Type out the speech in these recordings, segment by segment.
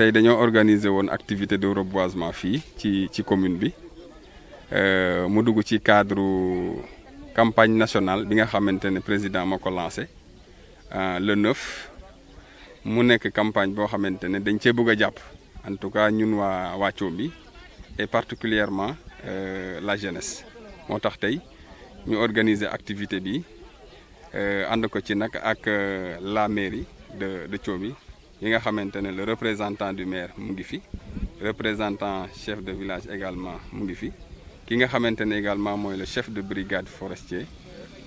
tey dañoo organiser woon activité de reboisement fii ci ci commune bi euh, mu dugg ci cadre campagne nationale bi nga xamante ne président ma ko lancé euh, le 9 mu nekk campagne boo xamante ne dañ cee bëgg a jàpp en tout cas ñun waa wàccoo bi et particulièrement euh, la jeunesse moo tax tey ñu organiser activité bi ànd ko ci nag ak la mairie de de bi yi nga le représentant du maire Mungifi, ngi représentant chef de village également Mungifi, ngi fi également le chef de brigade forestier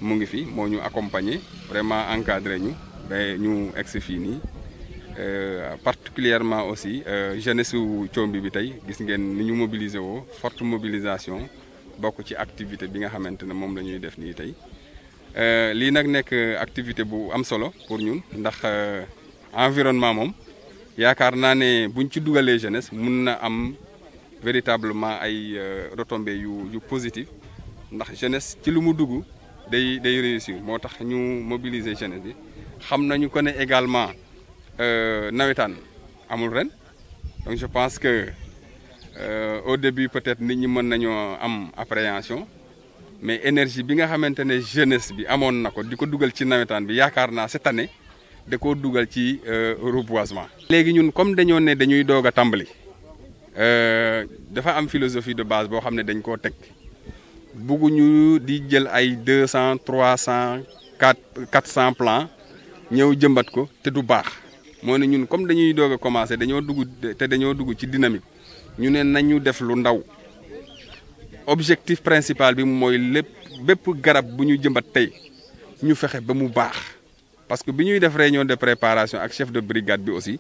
Mungifi, ngi nous accompagner vraiment encadré nous, sommes ñu fini euh, particulièrement aussi euh, jeunesse wu Combi bi tey gis ngeen ni ñu mobilisé forte mobilisation bokku ci activité bi nga xamantene mom lañuy def ni tay euh li nak nek activité bu am solo pour ñun ndax euh, environnement mom yaakaar naa ne buñ ci dougalé jeunesse mën na am véritablement ay euh, retombées yu yu positif ndax jeunesse ci lu mu dugg day day réussir motax ñu mobiliser jeunesse bi xam nañu ko né également euh, nawétane amul ren donc je pense que euh, au début peut-être nit ñi mën nañu am appréhension mais énergie bi nga xamante jeunesse bi amon nako diko di ci nawétane bi yaakaar cette année. da ko dugal ci euh, reboisement. léegi ñun comme dañoo ne dañuy doog a tàmbali euh, dafa am philosophie de base boo xam ne dañ koo teg bugguñu di jël ay deux cent trois cent quatre quatre cent plants ñëw jëmbat ko te du baax moo ne ñun comme dañuy doog a commencé dañoo dugg te dañoo dugg ci dynamique ñu ne nañu def lu ndaw objectif principal bi mooy lépp bépp garab bu ñu jëmbat tey ñu fexe ba mu baax. parce que nous avons def réunion de préparation le chef de brigade aussi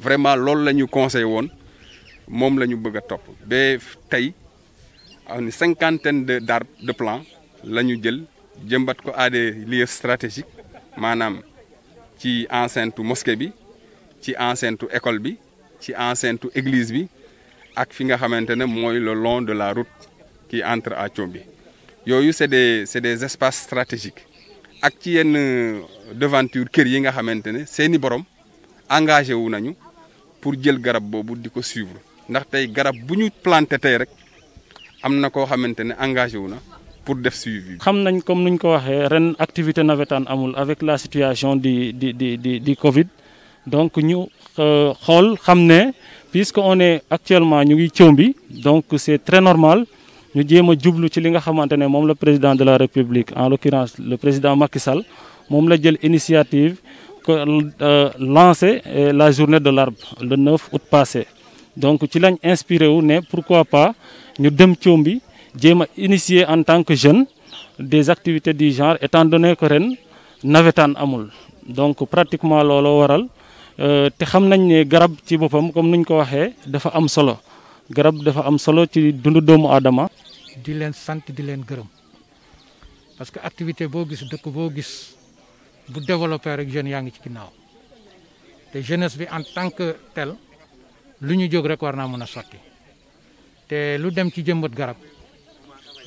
vraiment que nous que conseillé woon moom nous ñu bëgg top. topp une cinquantaine de de plan la ñu jël à des lieux stratégiques maanaam ci enceinte mosquée bi ci enceinte école bi ci enceinte église bi ak fi nga le long de la route qui entre à Thiombie Ce c'est des des espaces stratégiques ak ci yenn euh, devanture kër yi nga borom engagé wu nañu pour jël garab suivre ndax tey garab bu planté tey pour def suivi. activité avec la situation di di Covid donc ñu euh, xool xam puisque on est actuellement ñu ngi donc c'est très normal. Nous avons dit que le président de la république en l'occurrence le président Macky Sall moom la jël euh, lancer euh, la journée de l'arbre le 9 août passé donc nous avons inspiré pourquoi pas nous, avons initié en tant que jeunes des activités du genre étant donné que ren un amul donc pratiquement nous euh, avons te xam nañ avons garab ci comme nuñ ko fait dafa garab dafa am solo ci dundu doomu adama di len sante di len gërëm parce que activité bo gis dekk bo gis bu développer rek jeune yaa ci te jeunesse bi en tant que tel luñu jog warna rek warna mëna soti té te lu dem ci jëmbat garab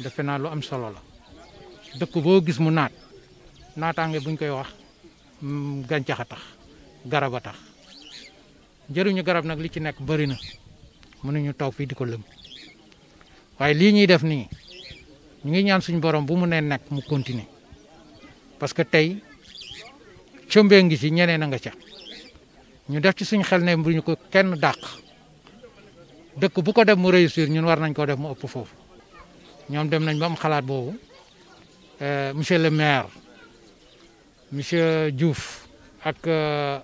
dafa na lu am solo la dekk bo gis mu naat naataange buñ koy wax mm, gàncax tax garab tax garab nak li ci nek bari na mënuñu toog fii di ko lëm waaye lii ñuy def nii ñu ngi ñaan suñu borom bu mu nee nag mu continuer parce que tey cëmbee ngi ci ñeneen a nga ca ñu def ci suñ xel ne bu ñu ko kenn dàq dëkk bu ko def mu réussir ñun war nañ koo def mu ëpp foofu ñoom dem nañ ba am xalaat boobu euh, monsieur le maire monsieur Diouf ak. Euh,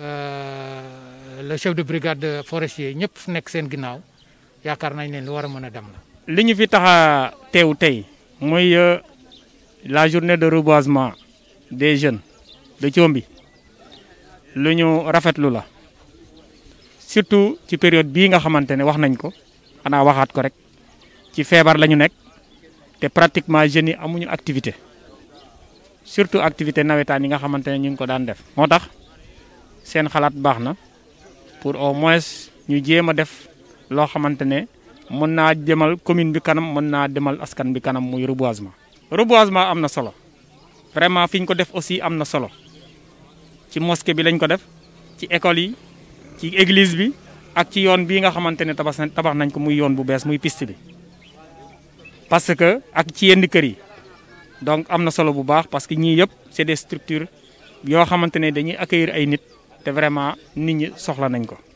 euh, le chef de brigade forestier ñëpp nek seen ginnaw yaakar nañ leen lu wara mëna mën dem la. liñu fi taxa tew tay moy euh, la journée de reboisement des jeunes de chombi luñu rafet lula la surtout ci période bi nga xamantene ne wax nañ ko ana waxat ko rek ci feebar lañu nek té pratiquement jeune amuñu activité surtout activité nawetan yi nga xamantene ñu ko daan def motax sen seen xalaat pour au moins ñu jéem a def loo xamante ne mën naa jëmal commune bi kanam mën naa demal askan bi kanam muy reboisement reboisement am na solo vraiment fi ñu ko def aussi am na solo ci mosquée bi lañ ko def ci école yi ci église bi ak ci yoon bi nga xamante ne tabax tabax nañ ko muy yoon bu bees muy piste bi parce que ak ci yenn kër yi donc am solo bu baax parce que ñii yëpp c' est des structures yoo xamante ne dañuy accueillir ay nit te vraiment nit ñi soxla nañ ko.